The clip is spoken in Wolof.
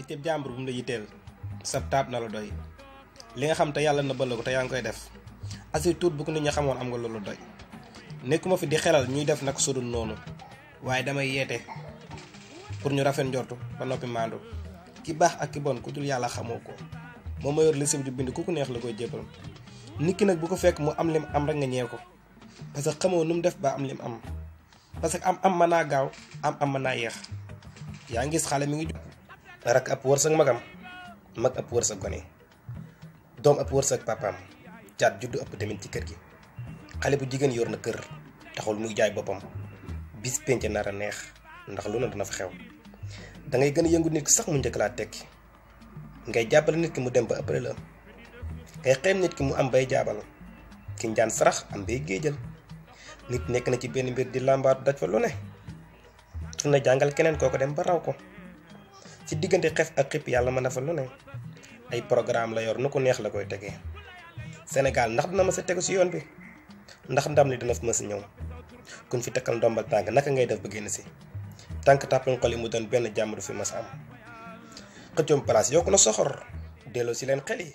itteb jàmbur bu mu la yitteel sab taab na la doy li nga xam te yàlla na bëll ko te yaa ngi koy def asir tuut bu ko nit ñi xamoon am nga loolu doy nekkuma fi di xelal ñuy def nag sudul noonu waaye damay yeete pour ñu rafet njortu ba noppi maandu ki baax ak ki bon ku dul yàlla xamoo ko moom ma yor li sib di bind ku ko neex la koy jébbal nit ki nag bu ko fekk mu am lim am rek nga ñee ko parce que xamoo nu mu def ba am lim am parce que am am mën naa gaaw am am mën naa yéex yaa ngi xale mi ngi rak ab wërsëg magam mag ab wërsëg gone doom ab wërsëg papaam jaat juddu ëpp demin ci kër gi xale bu jigéen yor na kër taxul muy jaay boppam bis penc nar a neex ndax lu ne dana fa xew dangay gën a yëngu nit ki sax mu njëkk laa tekki ngay jàppale nit ki mu dem ba ëppale la ngay xeem nit ki mu am bay jaabal ki njaan sarax am bay géejal nit nekk na ci benn mbir di làmbaatu daj fa lu ne su na jàngal keneen koo dem ba raw ko ci diggante xef ak xip yàlla mën na fa lu ay programme la yor nu ko neex la koy tegee Sénégal ndax dina ma sa tegu si yoon bi ndax ndam li dina ma si ñëw kuñ fi takkal ndombal tànk naka ngay def ba génn si tànk tàppal xol yi mu doon benn jàmm du fi mas am xëccoom place yokk na soxor delloo si leen xel yi.